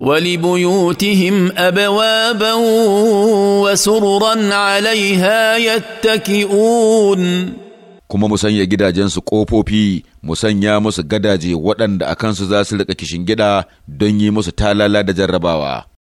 ولبيوتهم ابوابا وسررا عليها يتكئون kuma mu sanya gidajensu ƙofofi mu sanya musu gadaje waɗanda a kansu za su riƙa kishin gida don yi musu talala da jarrabawa